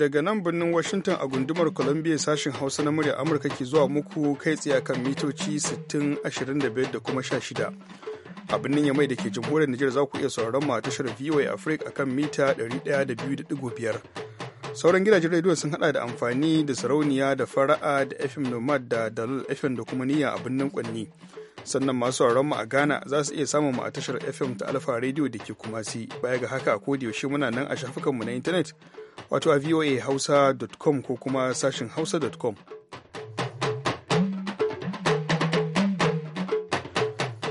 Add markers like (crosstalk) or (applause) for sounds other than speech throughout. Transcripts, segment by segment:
daga nan birnin Washington a gundumar Columbia sashen Hausa na murya Amurka ke zuwa muku kai tsaye kan mitoci 25 da kuma 16. A birnin Yamai da ke jamhuriyar Nijar za ku iya sauraron mu a tashar VOA Africa akan mita 102.5. Sauran gidajen rediyon sun hada da amfani da sarauniya da fara'a da FM Nomad da Dalil FM da kuma niyya a birnin Kwanni. sannan masu mu a Ghana za su iya samun mu a tashar FM ta Alfa Radio da ke Kumasi. Baya ga haka a da yaushe muna nan a shafukanmu na intanet wato a voa hausa.com ko kuma sashin hausa.com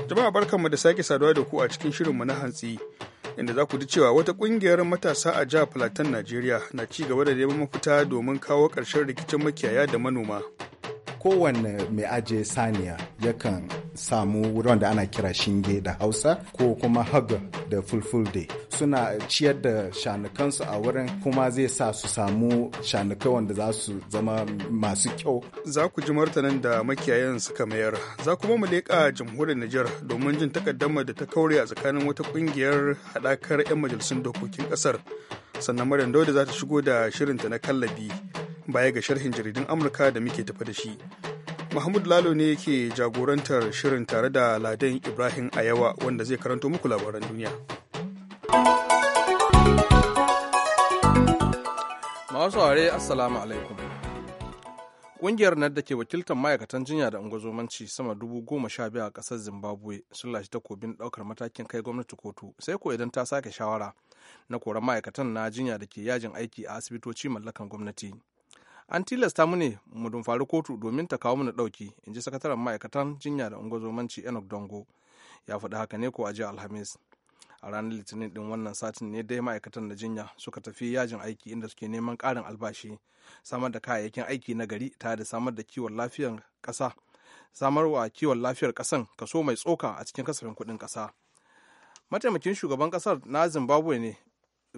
jama'a barkanmu da sake saduwa da ku a cikin shirinmu na hantsi inda za ku ji cewa wata kungiyar matasa a jihar plateau najeriya na ci gaba da neman mafita domin kawo ƙarshen rikicin makiyaya da manoma kowanne mai ajiye saniya yakan samu wurin da ana kira shinge da hausa ko kuma haga da fulfulde suna ciyar da shanukansu a wurin kuma zai sa su samu shanukai wanda za su zama masu kyau za ku ji martanin da makiyayan suka mayar za kuma mu leƙa jamhuriyar Nijar domin jin takaddamar da ta kauri a tsakanin wata kungiyar haɗakar 'yan majalisun dokokin ƙasar sannan marin da za ta shigo da shirinta na kallabi baya ga sharhin jaridun Amurka da muke tafa da shi Mahmud Lalo ne yake jagorantar shirin tare da Ladan Ibrahim Ayawa wanda zai karanto muku labaran duniya. Masu ware Assalamu alaikum. Ƙungiyar nan da ke wakiltar ma'aikatan jinya da ungozomanci sama dubu goma sha biyu a ƙasar Zimbabwe sun lashe takobin ɗaukar matakin kai gwamnati kotu sai ko idan ta sake shawara na koran ma'aikatan na jinya da ke yajin aiki a asibitoci mallakan gwamnati. an tilasta mu ne mu dumfari kotu domin ta kawo mana ɗauki in ji sakataren ma'aikatan jinya da ungozomanci enoch dongo ya faɗi haka ne ko a jiya alhamis a ranar litinin din wannan satin ne dai ma'aikatan na jinya suka tafi yajin aiki inda suke neman ƙarin albashi samar da kayayyakin aiki na gari tare da samar da kiwon lafiyar ƙasa samarwa kiwon lafiyar ƙasan kaso mai tsoka a cikin kasafin kuɗin ƙasa mataimakin shugaban ƙasar na zimbabwe ne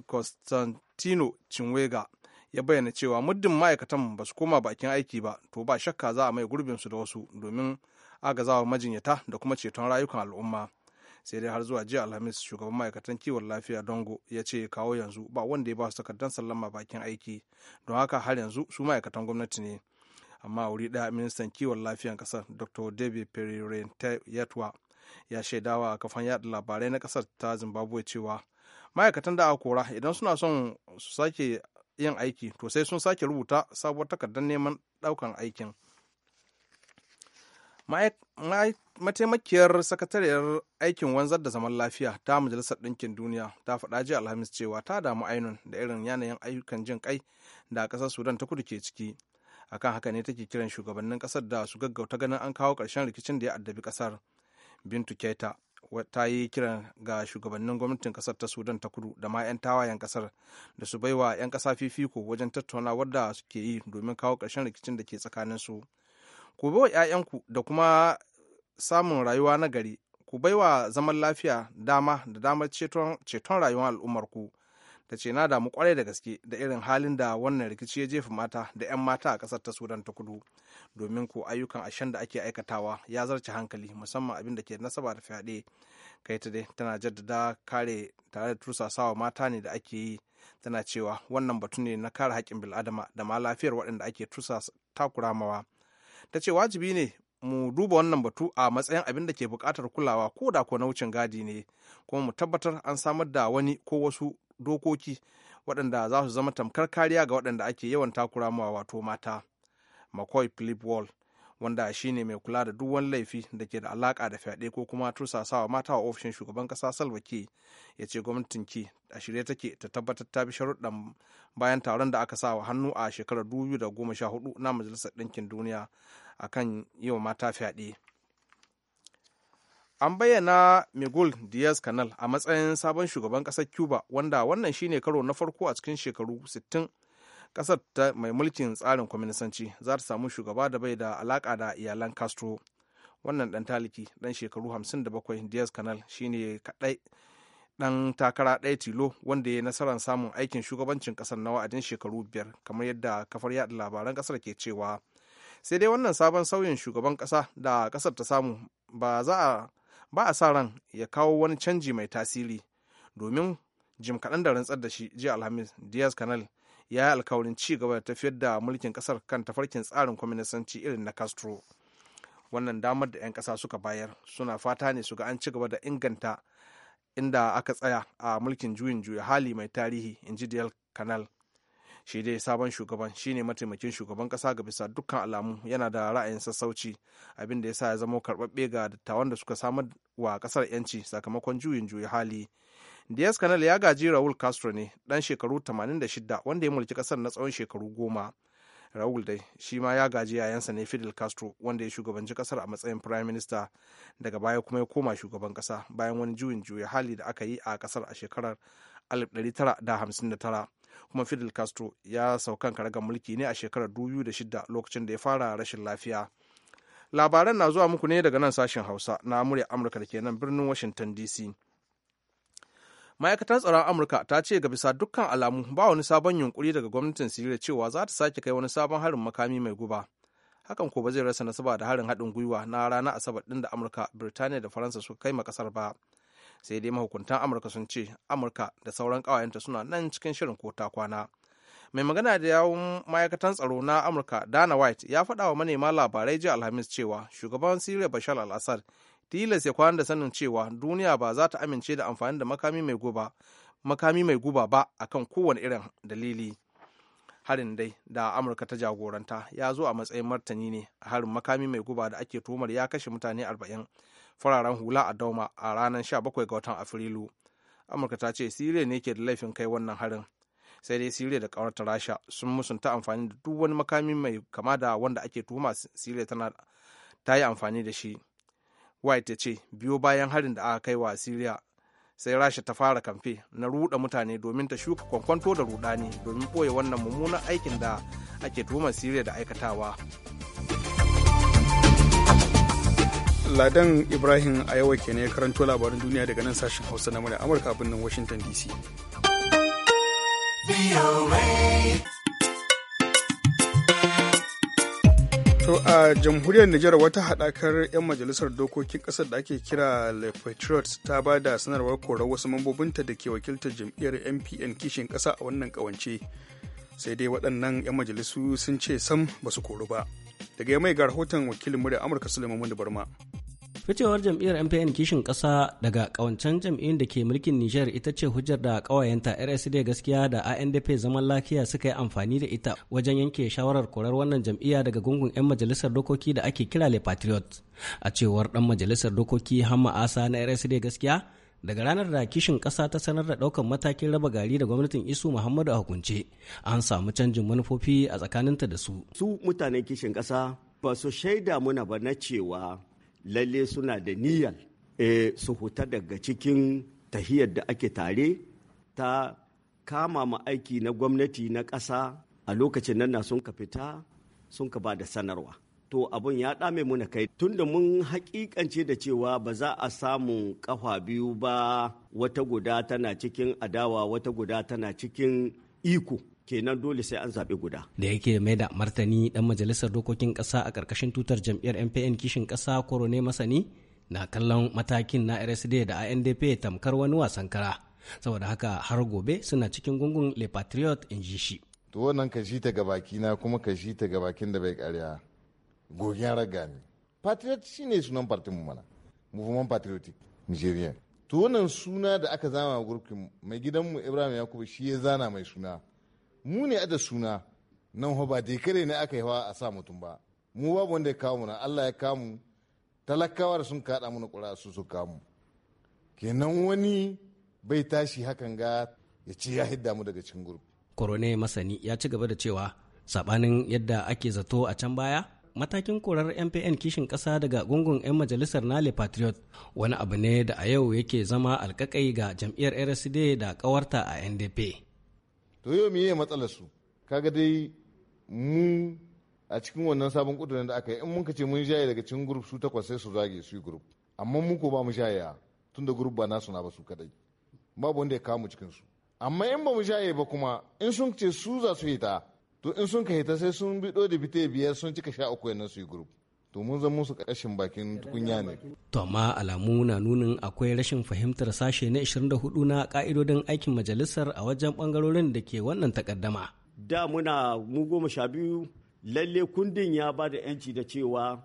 constantino chinwega ya bayyana cewa muddin ma'aikatan ba su koma bakin aiki ba to ba shakka za a mai gurbin su da wasu domin agazawa majinyata da kuma ceton rayukan al'umma sai dai har zuwa jiya alhamis shugaban ma'aikatan kiwon lafiya dongo ya ce kawo yanzu ba wanda ya ba su takardar sallama bakin aiki don haka har yanzu su ma'aikatan gwamnati ne amma wuri daya ministan kiwon lafiyan kasar dr david yatwa ya shaidawa a kafan yada labarai na kasar ta zimbabwe cewa ma'aikatan da aka kora idan suna son su sake yin aiki to sai sun sake rubuta sabuwar takardar neman ɗaukan aikin mataimakiyar sakatariyar aikin wanzar da zaman lafiya ta majalisar ɗinkin duniya ta faɗa jiya alhamis cewa ta damu ainun da irin yanayin ayyukan jin kai da ƙasar sudan ta kudu ke ciki akan haka ne take kiran shugabannin ƙasar da su gaggauta ganin an kawo ƙarshen rikicin da ya addabi ƙasar bintu keta ta yi kiran ga shugabannin gwamnatin kasar ta sudan ta kudu da ma 'yan tawayen kasar da su baiwa 'yan kasa fifiko wajen tattauna wadda suke yi domin kawo ƙarshen rikicin da ke tsakanin su ku baiwa 'ya'yanku da kuma samun rayuwa na gari ku bai wa zaman lafiya dama da damar ceton rayuwar al'ummarku ta ce na damu kwarai da gaske da irin halin da wannan rikici ya jefa mata da 'yan mata a kasar ta sudan ta kudu domin ko ayyukan ashen da ake aikatawa ya zarce hankali musamman abin da ke nasaba da fyaɗe kai ta dai tana jaddada kare tare da tursasawa mata ne da ake yi tana cewa wannan batu ne na kare haƙƙin bil'adama da ma lafiyar waɗanda ake tursa mawa ta ce wajibi ne mu duba wannan batu a matsayin abin da ke buƙatar kulawa ko da ko na wucin gadi ne kuma mu tabbatar an samar da wani ko wasu dokoki waɗanda za su zama tamkar kariya ga waɗanda ake yawan takura wato mata mccoy philip wall wanda shi ne mai kula da duk wani laifi da ke da alaka da fyaɗe ko kuma tursasawa mata wa ofishin shugaban ƙasa salva ke ya ce gwamnatin ki a shirye take ta tabbatar ta bi sharuɗan bayan taron da aka sa wa hannu a shekarar 2014 na majalisar ɗinkin duniya akan yi wa mata fyaɗe. an bayyana miguel diaz canal a matsayin sabon shugaban ƙasar cuba wanda wannan shine karo na farko a cikin shekaru 60 ƙasar ta mai mulkin tsarin kwaminisanci za ta samu shugaba da bai da alaƙa da iyalan castro wannan ɗan taliki ɗan shekaru 57 diaz canal shine kaɗai ɗan takara ɗaya tilo wanda ya nasarar samun aikin shugabancin ƙasar na wa'adin shekaru biyar kamar yadda kafar yaɗa labaran ƙasar ke cewa sai dai wannan sabon sauyin shugaban ƙasa da ƙasar ta samu ba za a ba a sa ran ya kawo wani canji mai tasiri domin jim kaɗan da rantsar da shi jiya alhamis diaz canal ya yi alkawarin ci gaba da tafiyar da mulkin ƙasar kan tafarkin tsarin kwaminisanci irin na castro wannan damar da 'yan ƙasa suka bayar suna fata ne su ga an ci gaba da inganta inda aka tsaya a mulkin juyin juya hali mai tarihi in ji diyal canal shi dai sabon shugaban shine mataimakin shugaban kasa ga bisa dukkan alamu yana da ra'ayin sassauci abin da ya sa ya zama karɓaɓɓe ga dattawan da suka samar wa kasar yanci sakamakon juyin juyi hali diaz canal ya gaji raul castro ne dan shekaru 86 wanda ya mulki kasar na tsawon shekaru goma raul dai shi ma ya gaji yayansa ne fidel castro wanda ya shugabanci kasar a matsayin prime minister daga baya kuma ya koma shugaban kasa bayan wani juyin juyi hali da aka yi a kasar a shekarar 1959 kuma fidel castro ya saukan karaga mulki ne a shekarar 2006 lokacin da ya fara rashin lafiya labaran na zuwa muku ne daga nan sashen hausa na murya amurka da ke nan birnin washington dc ma'aikatar tsaron amurka ta ce ga bisa dukkan alamu ba wani sabon yunkuri daga gwamnatin siriya cewa za ta sake kai wani sabon harin makami mai guba hakan ko ba zai rasa nasaba da harin haɗin gwiwa na ranar asabar ɗin da amurka birtaniya da faransa suka kai ma ƙasar ba sai dai mahukuntan amurka sun ce amurka da sauran kawayenta suna nan cikin shirin ko ta kwana mai magana da yawun ma'aikatan tsaro na amurka dana white ya faɗa wa manema labarai jiya alhamis cewa shugaban siriya bashar al-assad tilas ya kwana da sanin cewa duniya ba za ta amince da amfani da makami mai guba makami mai guba ba akan kowane irin dalili harin dai da amurka ta jagoranta ya zo a matsayin martani ne a harin makami mai guba da ake tumar ya kashe mutane arba'in fararen hula a dauma a ranar 17 ga watan afrilu amurka ta ce siriya ne ke da laifin kai wannan harin sai dai siriya da ta rasha sun musunta amfani da duk wani makami mai kama da wanda ake tuhuma siriya tana ta yi amfani da shi white ta ce biyo bayan harin da aka kai wa siriya sai rasha ta fara kamfe na ruɗa mutane domin ta shuka kwankwanto da rudani domin ɓoye wannan mummunan aikin da ake tuhumar siriya da aikatawa Ladan Ibrahim a yawa ke ne karanto labaran duniya daga nan sashen Hausa na murya Amurka birnin Washington DC. To a jamhuriyar Nijar wata hadakar 'yan majalisar dokokin ƙasar da ake kira Le Patriots ta ba da sanarwar korar wasu mambobinta da ke wakiltar jam'iyyar MPN kishin kasa a wannan kawance Sai dai waɗannan 'yan majalisu sun ce sam ba su koru ba. Daga mai ga rahoton wakilin murya Amurka Suleiman Barma. Ficewar jam'iyyar MPN kishin ƙasa daga ƙawancen jam'iyyun da ke mulkin Nijar ita ce hujjar da ƙawayenta RSD gaskiya da ANDP zaman lafiya suka yi amfani da ita wajen yanke shawarar korar wannan jam'iyya daga gungun 'yan majalisar dokoki da ake kira Le Patriot. A cewar ɗan majalisar dokoki Hamma Asa na RSD gaskiya, daga ranar da kishin ƙasa ta sanar da ɗaukar matakin raba gari da gwamnatin isu muhammadu a hukunce an samu canjin manufofi a tsakaninta da su su mutanen kishin ƙasa ba su shaida muna ba na cewa lalle suna da niyyar e, su huta daga cikin tahiyar da ake tare ta kama ma aiki na gwamnati na ƙasa a lokacin nan na sun ka fita sun ka ba da sanarwa to abun ya ɗame muna kai tunda mun haƙiƙance da cewa ba za a samu ƙafa biyu ba wata guda tana cikin adawa wata guda tana cikin iko kenan dole sai an zaɓe guda. Da yake mai da martani ɗan majalisar dokokin ƙasa a ƙarƙashin tutar jam'iyyar MPN kishin ƙasa korone masani na kallon matakin na RSD da ANDP tamkar wani wasan kara. Saboda haka har gobe suna cikin gungun Le Patriot in ji shi. To wannan ka shi ta ga na kuma ka shi ta ga bakin da bai karya Gogin raga ne. Patriot shi ne sunan partin mu mana. Movement Patriotic Nigerian. To wannan suna da aka zama gurkin mai gidanmu Ibrahim Yakubu shi ya zana mai suna. mu ne a da suna nan ba dai kare ne aka yi a sa mutum ba mu babu wanda ya kawo mu na Allah ya kamu mu talakawa da sun kaɗa mana ƙura su su kamu kenan wani bai tashi hakan ga ya ce ya hidda mu daga cikin gurbi. korone masani ya ci gaba da cewa sabanin yadda ake zato a can baya matakin korar mpn kishin kasa daga gungun 'yan majalisar nale patriot wani abu ne da a yau yake zama alkakai ga jam'iyyar rsd da kawarta a ndp to yau me ya matsalar su kaga dai mu a cikin wannan sabon kudurin da aka yi in mun ce mun shaye daga cikin group su takwas sai su zage su yi group amma mu ko ba mu shaye tun da group ba nasu na ba su kadai babu wanda ya kamu cikin su amma in ba mu shaye ba kuma in sun ce su za su hita to in sun ka hita sai sun bi da bite biyar sun cika sha uku yanzu su yi group to mun zama musu ƙashin bakin tukunya ne. To amma alamu na nunin akwai rashin fahimtar sashe na 24 na ka'idodin aikin majalisar a wajen ɓangarorin da ke wannan takaddama. Da muna mu goma sha biyu lalle kundin ya ba da 'yanci da cewa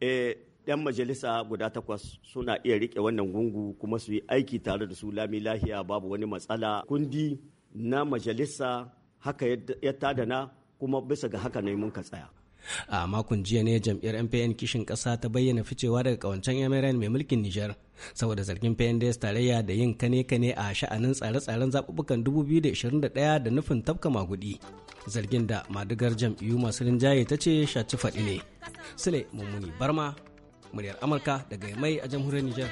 ɗan eh, majalisa guda takwas suna iya rike wannan gungu kuma su yi aiki tare da su lami lahiya babu wani matsala. Kundi na majalisa haka ya na kuma bisa ga haka ne mun ka tsaya. a makon jiya ne jam'iyyar mpn kishin ƙasa ta bayyana ficewa daga kawancen mrn mai mulkin nijar saboda zargin pnds tarayya da yin kane-kane a sha'anin tsare-tsaren zaɓuɓɓukan 2021 da nufin tafka magudi zargin da madugar jam'iyyu masu rinjaye ta ce shaci faɗi ne sule mummuni barma muryar amurka daga mai a jamhuriyar nijar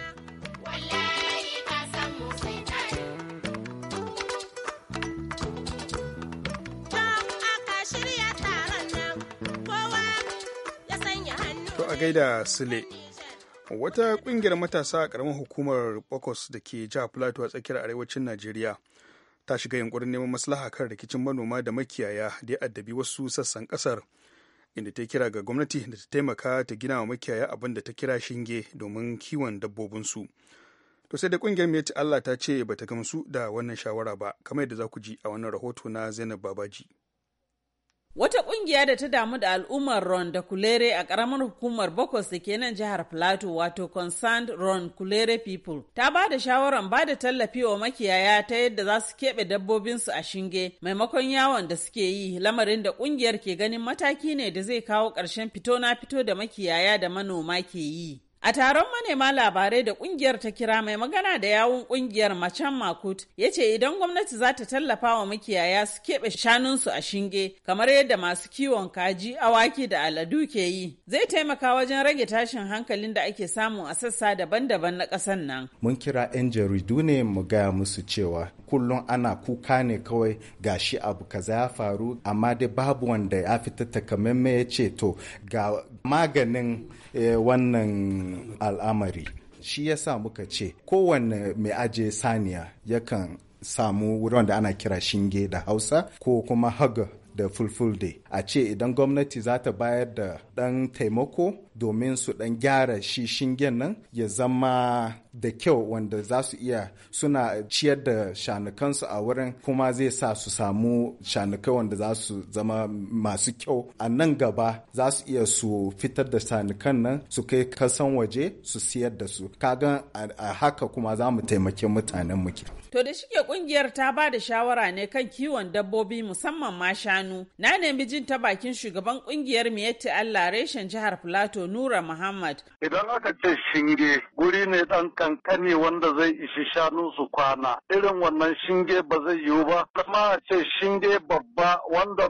gaida Sule. Wata kungiyar matasa a karamar hukumar Bokos da ke jiha Plateau a tsakiyar arewacin Najeriya ta shiga yunkurin neman maslaha kan rikicin manoma da makiyaya da ya addabi wasu sassan kasar Inda ta kira ga gwamnati da ta taimaka ta gina wa makiyaya abin da ta kira shinge domin kiwon dabbobinsu. To sai da kungiyar mai Allah ta ce bata gamsu da wannan shawara ba, kamar yadda za ku ji a wannan rahoto na Zainab Babaji. Wata kungiya da ta damu da al'ummar Ron da Kulere a ƙaramar hukumar Bokos da ke nan jihar Plateau wato Concerned Ron Kulere People ta ba da shawaran ba da tallafi wa makiyaya ta yadda za su keɓe dabbobinsu a shinge maimakon yawon da suke yi lamarin da ƙungiyar ke ganin mataki ne da zai kawo ƙarshen fito na fito da makiyaya da manoma ke yi. A taron manema labarai da kungiyar ta kira mai magana da yawun kungiyar Macen Makut ya ce idan gwamnati za ta tallafa wa makiyaya su keɓe shanunsu a shinge kamar yadda masu kiwon kaji, awaki da aladu ke yi zai taimaka wajen rage tashin hankalin da ake samu a sassa daban-daban na ƙasan nan. Mun kira 'yan jaridu ne mu gaya musu cewa kullum ana kuka ne kawai gashi abu kaza ya faru amma dai babu wanda ya fita takamaimai ya ce to ga maganin Eh, wannan al'amari shi ya sa muka ce kowane mai aje saniya yakan samu wurin da ana kira shinge da hausa ko kuma haga da fulfulde a ce idan gwamnati za ta bayar da ɗan taimako domin su dan gyara shi shingen nan ya zama da kyau wanda za su iya suna ciyar da shanukansu a wurin kuma zai sa su samu shanukai wanda za su zama masu kyau a nan gaba za su iya su fitar da shanukan nan su kai kasan waje su siyar da su kaga a haka kuma za mu taimaki mutanen mu to da shike kungiyar ta ba da shawara ne kan kiwon dabbobi musamman ma shanu na nemi jin ta bakin shugaban kungiyar miyatti Allah reshen jihar Plateau Nura Muhammad. Idan aka ce shinge guri ne ɗan kankani wanda zai ishi shanu su kwana irin wannan shinge ba zai yiwu ba kuma a ce shinge babba wanda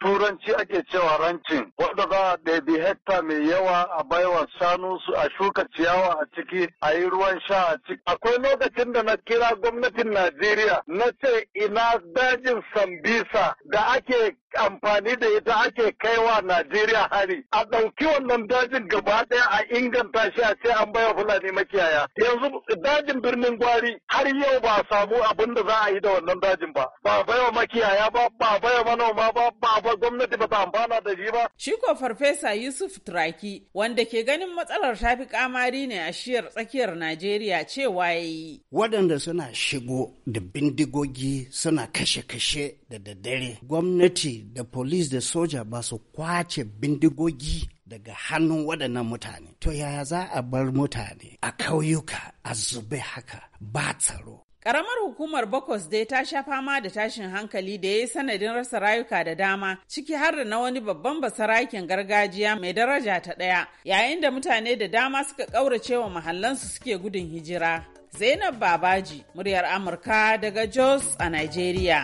turanci ake cewa rancin wanda za a ɗabi hekta mai yawa a baiwa shanu su a shuka ciyawa a ciki a yi ruwan sha a ciki. Akwai lokacin da na kira gwamnatin Najeriya na ce ina dajin Sambisa da ake amfani da ita ake kai wa Najeriya hari. A ɗauki wannan dajin gaba ɗaya a inganta shi a ce an baiwa Fulani makiyaya. Yanzu dajin birnin gwari har yau ba samu abin da za a yi da wannan dajin ba. Ba baiwa makiyaya ba, ba baiwa manoma ba, ba ba gwamnati ba ta amfana da shi ba. Shi ko Farfesa Yusuf Turaki wanda ke ganin matsalar tafi kamari ne a shiyar tsakiyar Najeriya cewa ya yi. Waɗanda suna shigo da bindigogi suna kashe-kashe da daddare. Gwamnati da polis da soja ba su kwace bindigogi daga hannun waɗannan mutane to ya za a bar mutane a kauyuka a zube haka ba tsaro Karamar hukumar Bokos dai ta sha fama da tashin hankali da ya yi sanadin rasa rayuka da dama, ciki har da na wani babban basarakin gargajiya mai daraja ta ɗaya, yayin da mutane da dama suka ƙaurace wa mahallansu suke gudun hijira. Zainab Babaji, muryar Amurka daga Jos a Nigeria.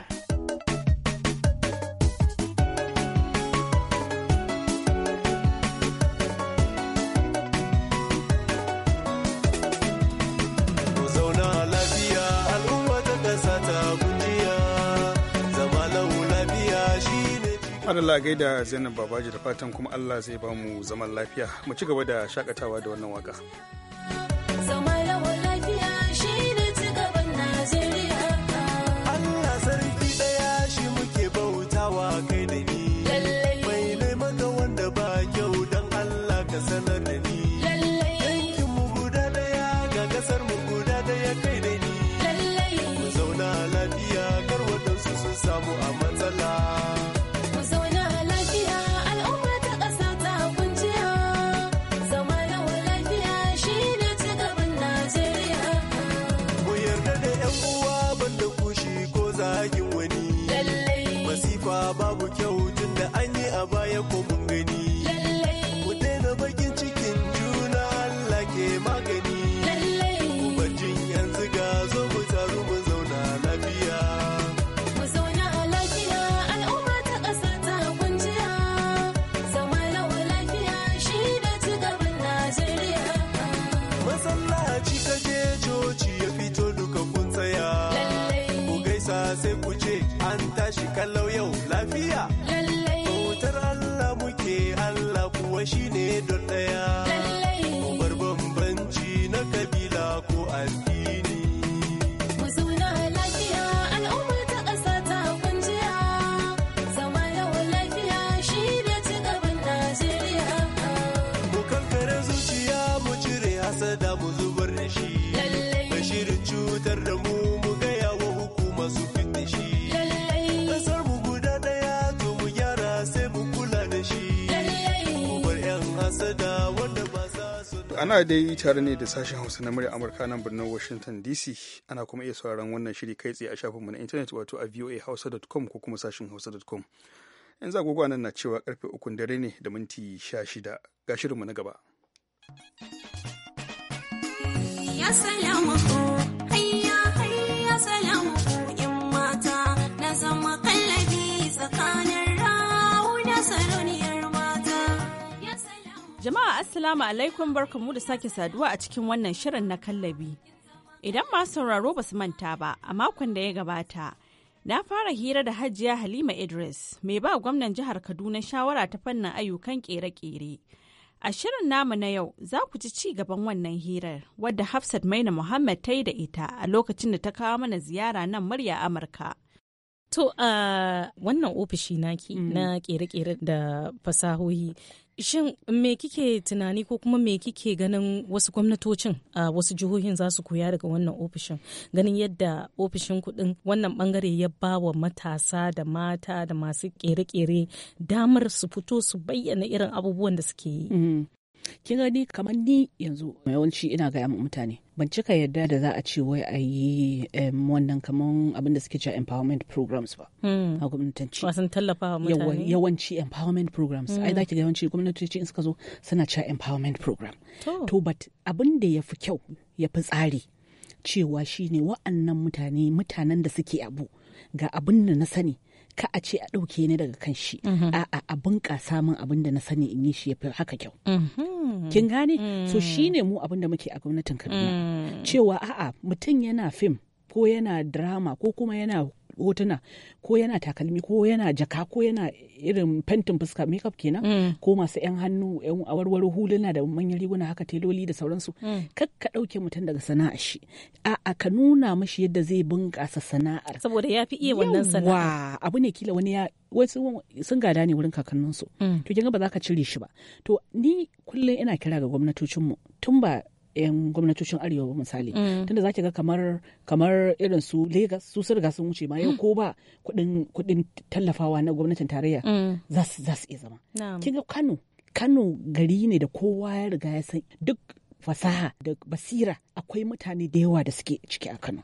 madalla gaida zainab babaji da fatan kuma allah zai ba mu zaman lafiya mu ci gaba da shakatawa da wannan waka. ana dai tare ne da sashen hausa na murya amurka nan birnin washington dc ana kuma iya sauraron wannan shiri kai tsaye a shafinmu na intanet wato a voahausa.com ko kuma sashen hausa.com yanzu agogo nan na cewa karfe ukun dare ne da minti sha shida ga shirinmu na gaba ya salamu mata na zama Jama'a Assalamu alaikum barkamu da sake saduwa a cikin wannan shirin na kallabi. Idan masu sauraro ba su manta ba a makon da ya gabata, na fara hira da Hajiya Halima Idris mai ba gwamnan jihar Kaduna shawara ta fannin ayyukan kere-kere. A shirin namu na yau za ku ji ci gaban wannan hirar wadda Hafsat Maina Muhammad ta yi da ita a lokacin da ta kawo mana ziyara nan murya Amurka. To a uh, wannan ofishi naki mm. na kere-kere da fasahohi Shin me kike tunani ko kuma me kike ganin wasu gwamnatocin a wasu jihohin za su koya daga wannan ofishin ganin yadda ofishin kuɗin wannan bangare ya ba wa matasa da mata da masu kere-kere damar su fito su bayyana irin abubuwan da suke yi. Mm-hmm. kin gani kamar ni yanzu yawanci ina gaya mutane ban cika yadda da za a ce wai a yi wannan kamar abin da suke cewa empowerment programs ba hmm. a gwamnatanci wasan wa mutane yawanci empowerment programs ai hmm. za ki ga yawanci gwamnatoci in suka zo suna cewa empowerment program to but abin da yafi kyau ya fi tsari cewa shine wa'annan mutane mutanen da suke abu ga abin da na sani ka a ce a ɗauke ni daga kan shi mhm. a'a a bunƙasa min abin da na sani in yi shi ya fi haka kyau mhm. kin gane so mm. shi ne mu abin da muke a gwamnatin Kaduna mm. cewa a'a mutum yana fim ko yana drama ko kuma yana hotuna ko yana takalmi ko yana jaka ko yana irin fentin fuska makeup kenan mm. ko masu yan hannu yan awarwaro huluna da manyan riguna haka teloli da sauransu mm. kar ka ɗauke mutum daga sana'ar shi a'a ka nuna mashi yadda zai bunkasa sana'ar saboda ya fi iya wannan sana'a abu ne kila wani ya wasu sun gada ne wurin kakanninsu mm. to kin ba za ka cire shi ba to ni kullum ina kira ga gwamnatocinmu tun ba 'yan gwamnatocin arewa misali mm. tunda zaki ga kamar kamar irin su Legas su sun sun wuce ma yau mm. ko ba kuɗin tallafawa na gwamnatin tarayya mm. za su iya zama kin ga Kano Kano gari ne da kowa ya riga ya san duk fasaha da basira akwai mutane da yawa da suke ciki a Kano.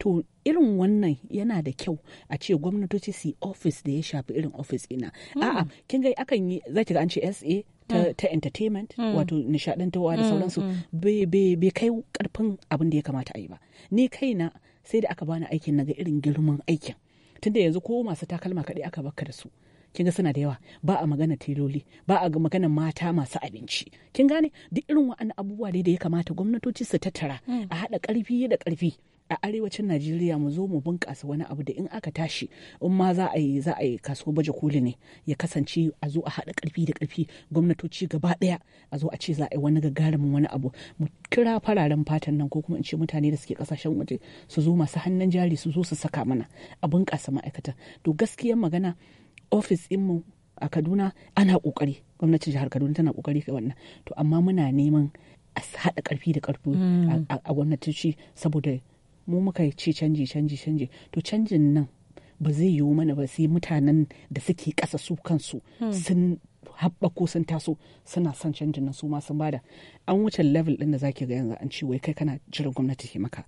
To irin wannan yana da kyau a ce gwamnatoci su ofis da ya shafi irin ofis ina. A'a kin ga akan yi za ga an ce SA ta, mm. ta entertainment mm. wato nishadantawa da mm, sauransu bai kai karfin abin da ya kamata a yi ba ni kaina sai da aka bani aikin na ga irin girman aikin tunda yanzu ko masu takalma kaɗai aka baka da su kin ga suna da yawa ba a magana tiloli ba a magana mata masu abinci kin gane duk irin wa'annan abubuwa da ya kamata gwamnatoci su tattara a haɗa ƙarfi da ƙarfi a arewacin najeriya mu zo mu bunƙasa wani abu da in aka tashi in ma za a yi za a yi kasuwar baje koli ne ya kasance a zo a haɗa ƙarfi da ƙarfi gwamnatoci gaba ɗaya a zo a ce za a yi wani gagarumin wani abu mu kira fararen fatan nan ko kuma in ce mutane da suke ƙasashen waje su zo masu hannun jari su zo su saka mana a bunƙasa ma'aikata to gaskiyan magana ofis ɗinmu a kaduna ana ƙoƙari gwamnatin jihar kaduna tana ƙoƙari kai wannan to amma muna neman a haɗa ƙarfi da ƙarfi mm. a gwamnatoci saboda mu muka ce canji canji canji to canjin nan ba zai yiwu mana ba sai mutanen da suke kasa su kansu hmm. sun ko sun taso suna son canjin nan su ma sun bada an wuce level ɗin da zaki ga yanzu an ce wai kai kana jiran gwamnati ke maka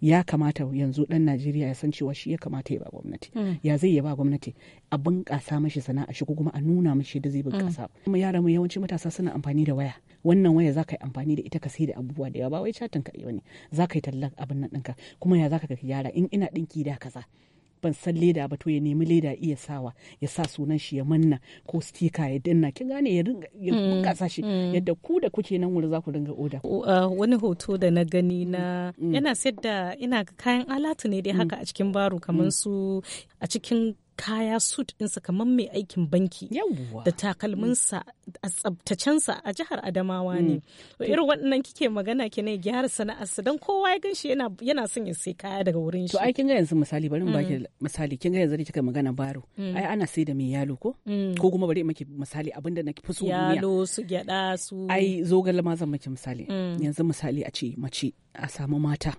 ya kamata yanzu ɗan najeriya ya san cewa shi ya kamata ya ba gwamnati hmm. ya zai ya ba gwamnati a bunƙasa mashi sana'a shi ko kuma a nuna mashi da zai bunƙasa kuma hmm. mu yawanci matasa suna amfani da waya wannan waya za ka yi amfani da ita ka sai da abubuwa da yawa ba wai chatin ka ne za ka yi abin nan ɗinka kuma ya za ka yara in ina ɗinki da kaza ban san leda ba to ya nemi leda iya sawa ya sa sunan shi ya manna ko stika ya danna kin gane ya ringa ya mm, shi mm. yadda ku da kuke nan wuri za ku ringa oda uh, wani hoto da na gani na mm, yana sayar da ina kayan alatu ne dai haka a cikin baro kamar su a cikin kaya suit ɗinsa kamar mai aikin banki da takalminsa a tsabtacensa a jihar adamawa ne mm. irin waɗannan kike magana ke ne gyara sana'arsa don kowa ya ganshi yana son ya sai kaya daga wurin shi to ai kin ga yanzu misali bari mm. baki misali kin ga yanzu ne kika magana baro mm. ai ana sai da mai yalo ko ko kuma bari miki misali abinda na fi so yalo su gyada su ai zogale ma zan miki misali yanzu misali a ce mace a samu mata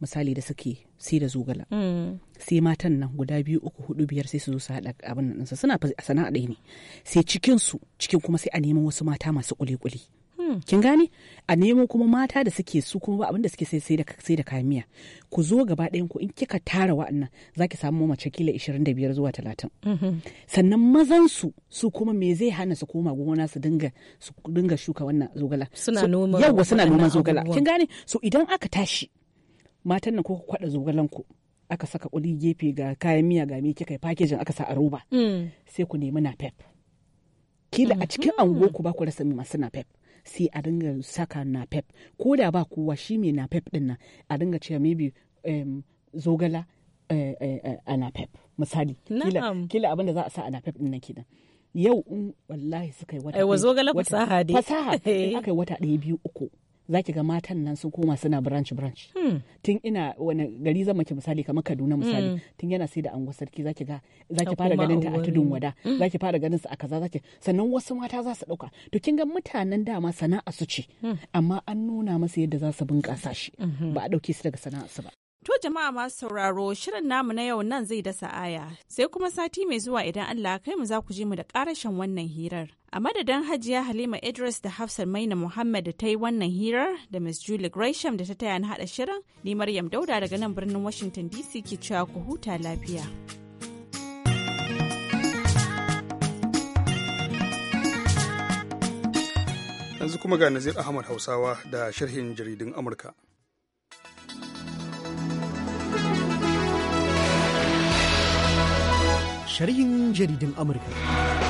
misali da suke si da zogala mm. sai matan nan guda biyu uku hudu biyar sai su zo su haɗa abin nan ɗinsa suna sana'a ɗaya ne sai cikin su cikin kuma sai a neman wasu mata masu kuli-kuli hmm. kin gane a nemo kuma mata da suke su kuma ba abin da suke sai sai da sai da kayan miya ku zo gaba ɗayan ku in kika tara wa'annan zaki samu mace kila 25 zuwa 30 mm-hmm. sannan mazan su su kuma me zai hana su koma gona su dinga su dinga shuka wannan zogala suna noma yawa suna noman zogala kin gane so idan aka tashi matan nan ko ku kwaɗa zogalen ku aka saka kuli gefe ga kayan miya ga me kika fakejin aka sa a roba mm. sai ku nemi na pep kila a mm-hmm. cikin ango ku ba ku rasa masu na pep sai a dinga saka na pep ko da ba kowa shi mai na pep din nan a dinga cewa maybe um, zogala uh, uh, a na pep misali kila, kila abin da za a sa a na pep din nan kenan yau in wallahi suka yi wata fasaha dai fasaha (laughs) aka yi wata ɗaya biyu uku za ki ga matan nan sun koma suna branch branch hmm. tun ina wani gari zan maki misali kamar Kaduna misali hmm. tun yana sai da ango sarki za ki ga za fara ganin ta a tudun wada hmm. za ki fara ganin su a kaza za sannan wasu mata za su dauka to kin ga mutanen dama sana'a su ce amma an nuna masa yadda za su bunƙasa shi ba a dauke su daga sana'a su ba To jama'a masu sauraro shirin namu na yau nan zai dasa aya sai kuma sati mai zuwa idan Allah kai mu za ku ji mu da karashin wannan hirar. A madadin Hajiya Halima Idris da Hafsat Maina Muhammad da ta yi wannan hirar da ms Julie Gresham da ta taya na haɗa shirin, ni Maryam Dauda daga nan birnin Washington DC ke cewa ku huta lafiya. Yanzu kuma ga Nazir Ahmad Hausawa da sharhin jaridun Amurka. shirin jaridin Amurka.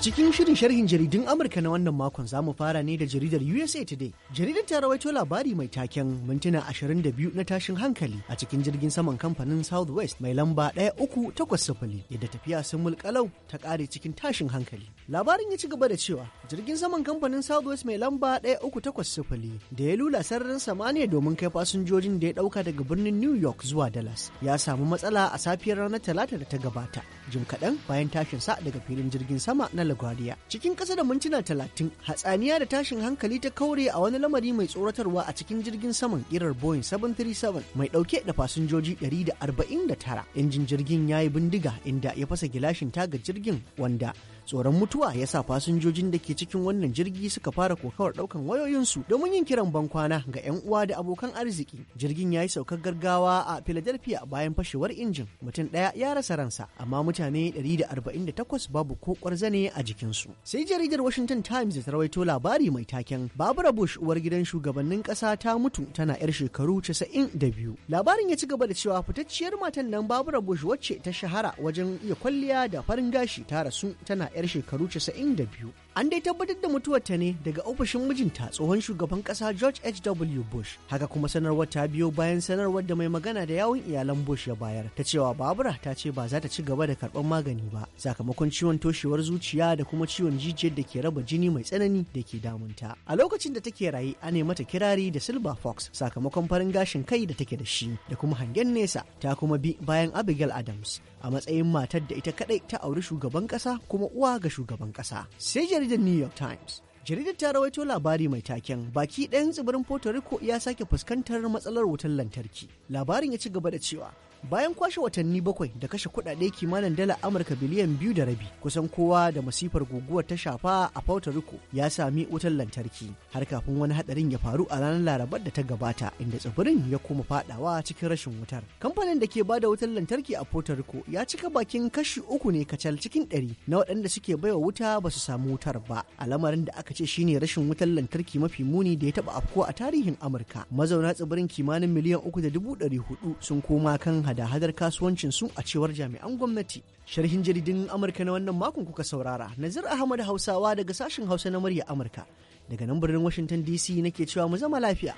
cikin shirin sharhin jaridun Amurka na wannan makon za mu fara ne da jaridar USA Today. Jaridar ta rawaito labari mai taken mintuna 22 na tashin hankali a cikin jirgin saman kamfanin Southwest mai lamba 1380 yadda tafiya sun mulkalau ta kare cikin tashin hankali. Labarin ya ci gaba da cewa jirgin saman kamfanin Southwest mai lamba 1380 da ya lula sararin samaniya domin kai fasinjojin da ya ɗauka daga birnin New York zuwa Dallas ya samu matsala a safiyar ranar Talata da ta gabata. Jim kaɗan bayan tashin sa daga filin jirgin sama na gwariya cikin ƙasa da mintuna talatin hatsaniya da tashin hankali ta kaure a wani lamari mai tsoratarwa a cikin jirgin saman kirar boeing 737 mai ɗauke da fasinjoji 149 injin jirgin ya yi bindiga inda ya fasa gilashin taga jirgin wanda tsoron mutuwa ya sa fasinjojin da ke cikin wannan jirgi suka fara kokawar daukan wayoyinsu domin yin kiran bankwana ga 'yan uwa da abokan arziki jirgin ya yi saukar gargawa a philadelphia bayan fashewar injin mutum ɗaya ya rasa ransa amma mutane 148 babu ko kwarzane a jikinsu sai jaridar washington times ta rawaito labari mai taken "Babura bush uwar gidan shugabannin ƙasa ta mutu tana 'yar shekaru 92 labarin ya ci gaba da cewa fitacciyar matan nan babura bush wacce ta shahara wajen iya kwalliya da farin gashi ta rasu tana 'yar shekaru 92. An dai tabbatar da mutuwar ta ne daga ofishin mijinta tsohon shugaban kasa George H.W. Bush. Haka kuma sanarwar ta biyo bayan sanarwar da mai magana da yawun iyalan Bush ya bayar ta cewa Babura ta ce ba za ta ci gaba da karɓar magani ba sakamakon ciwon toshewar zuciya da kuma ciwon jijiyar da ke raba jini mai tsanani da ke damunta. A lokacin da take raye an mata kirari da Silver Fox sakamakon farin gashin kai da take da shi da kuma hangen nesa ta kuma bi bayan Abigail Adams a matsayin matar da ita kadai ta auri shugaban kasa kuma uwa ga shugaban kasa sai jaridar new york times jaridar ta rawaito labari mai taken baki ɗayan tsibirin puerto rico ya sake fuskantar matsalar wutar lantarki labarin ya ci gaba da cewa bayan kwashe watanni bakwai da kashe kudade kimanin dala amurka biliyan biyu da rabi kusan kowa da masifar guguwar ta shafa a puerto rico ya sami wutar lantarki har kafin wani hadarin ya faru a ranar larabar da ta gabata inda tsibirin ya kuma fadawa cikin rashin wutar kamfanin da ke bada wutar lantarki a puerto rico ya cika bakin kashi uku ne kacal cikin ɗari na waɗanda suke baiwa wuta ba su samu wutar ba a lamarin da aka ce shine rashin wutar lantarki mafi muni da ya taba afko a tarihin amurka mazauna tsibirin kimanin miliyan uku da dubu ɗari hudu sun koma kan hada-hadar kasuwancinsu a cewar jami'an gwamnati. Sharhin jaridin Amurka na wannan makon kuka saurara, Nazir Ahmad Hausawa daga sashen Hausa na murya Amurka. Daga nan birnin Washington DC nake cewa mu zama lafiya.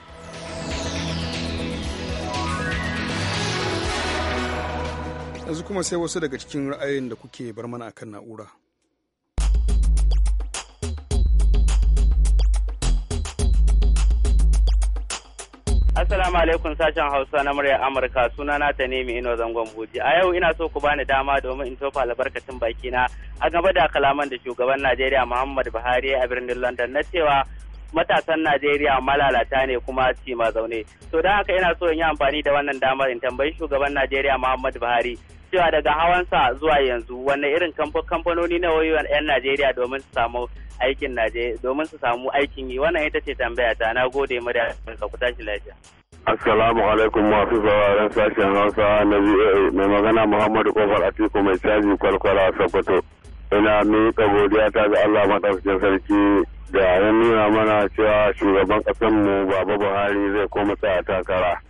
Yanzu kuma sai wasu daga cikin ra'ayin da kuke bar mana akan na'ura. Assalamu alaikum sashen Hausa na murya Amurka sunana ta nemi ino zangon buji. A yau ina so ku bani dama domin in tofa albarkacin bakina a game da kalaman da shugaban Najeriya Muhammad Buhari a birnin London na cewa matasan Najeriya malalata ne kuma ci ma zaune. To don haka ina so in yi amfani da wannan damar in tambayi shugaban Najeriya Muhammad Buhari cewa daga hawansa zuwa yanzu wanne irin kamfanoni na wayoyin 'yan Najeriya domin su samu aikin domin su samu aikin yi wannan ita ce tambaya ta na gode murya ka ku tashi lafiya. Assalamu alaikum masu sauraron sashen Hausa na VOA mai magana Muhammadu Kofar Atiku mai caji kwalkwala Sokoto. Ina miƙa godiya ta ga Allah maɗaukakin sarki da ya nuna mana cewa shugaban mu Baba Buhari zai koma tsaya takara.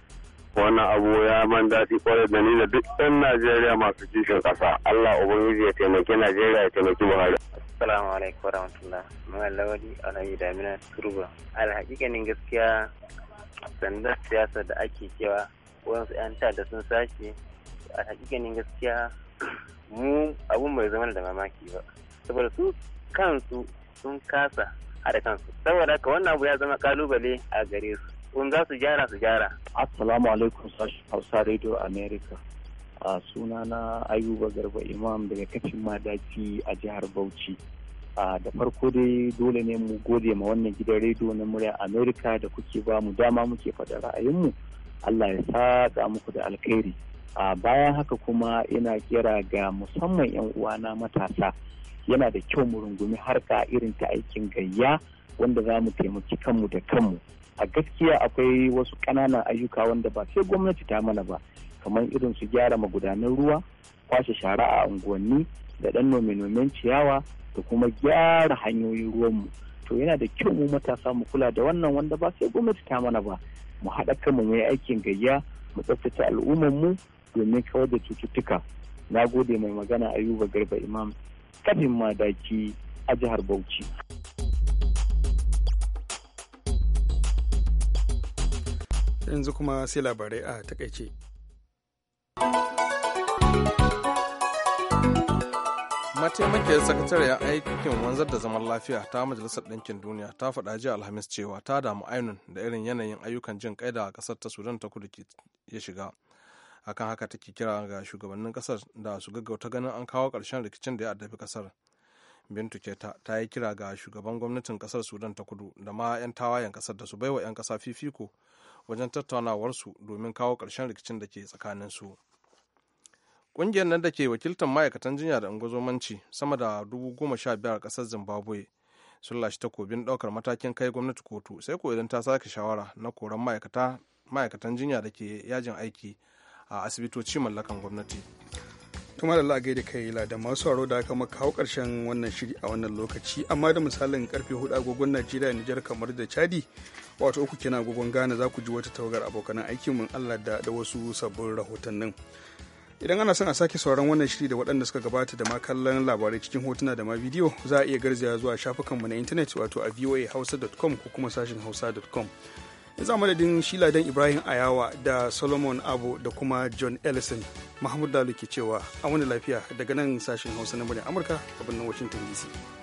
wani abu ya man daɗi kwarai da ni da duk ɗan Najeriya masu kishin ƙasa. Allah Ubangiji ya taimaki Najeriya ya taimaki Buhari. Assalamu alaikum rahmatullah. Muhammad Lawali Alayi Damina Turba. Alhaƙiƙanin gaskiya sandar siyasa da ake cewa wasu 'yan da sun sace alhaƙiƙanin gaskiya mu abun bai zama da mamaki ba. Saboda su kansu sun kasa haɗa kansu. Saboda haka wannan abu ya zama ƙalubale a gare su. kun za su gyara su gyara assalamu alaikum sashi hausa radio america a suna na ayuba garba imam daga kafin madaki a jihar bauchi a da farko dai dole ne mu gode ma wannan gidan rediyo na murya america da kuke ba mu dama muke faɗa ra'ayinmu allah ya ga muku da alkhairi a bayan haka kuma ina kira ga musamman 'yan uwana matasa yana da kyau mu rungumi harka irin ta aikin gayya wanda za mu taimaki kanmu da kanmu a gaskiya akwai wasu ƙananan ayyuka wanda ba sai gwamnati ta mana ba kamar irin su gyara magudanan ruwa kwashe shara a unguwanni da ɗan nome-nomen ciyawa da kuma gyara hanyoyin ruwanmu to yana da kyau mu matasa mu kula da wannan wanda ba sai gwamnati ta mana ba mu haɗa kanmu mu yi aikin gayya mu tsaftace mu domin kawar da cututtuka na gode mai magana ayuba garba imam kafin madaki a jihar bauchi yanzu kuma sai labarai a takaice. mataimakiyar sakatariyar aikin wanzar da zaman lafiya ta majalisar ɗinkin duniya ta faɗa jiya alhamis cewa ta damu ainun da irin yanayin ayyukan jin kaida a ƙasar ta sudan ta kudu ya shiga akan haka take kira ga shugabannin ƙasar da su gaggauta ganin an kawo ƙarshen rikicin da ya addabi ƙasar bintu keta ta yi kira ga shugaban gwamnatin ƙasar sudan ta kudu da ma 'yan tawayen ƙasar da su baiwa 'yan ƙasa fifiko wajen tattaunawarsu domin kawo ƙarshen rikicin da ke tsakanin su ƙungiyar nan da ke wakiltar ma'aikatan jinya da ungozomanci sama da dubu goma sha biyar ƙasar zimbabwe sun lashe takobin ɗaukar matakin kai gwamnati kotu sai ko idan ta sake shawara na koran ma'aikatan jinya da ke yajin aiki a asibitoci mallakan gwamnati kuma da lagai da kai da masu haro da aka maka hau karshen wannan shiri a wannan lokaci amma da misalin karfe hudu agogon najeriya nijar kamar da chadi wato uku kenan agogon ghana za ku ji wata tawagar abokan aikin mun allah da, da wasu sabbin nan idan ana son a sake sauran wannan shiri da waɗanda suka gabata da ma kallon labarai cikin hotuna da ma bidiyo za a iya garzaya zuwa shafukanmu na intanet wato a voahausa.com ko kuma sashin hausa.com za madadin shi ladan ibrahim ayawa da solomon abu da kuma john ellison mahmud dalu ke cewa a wani lafiya daga nan sashen hausa na murya amurka a birnin washington dc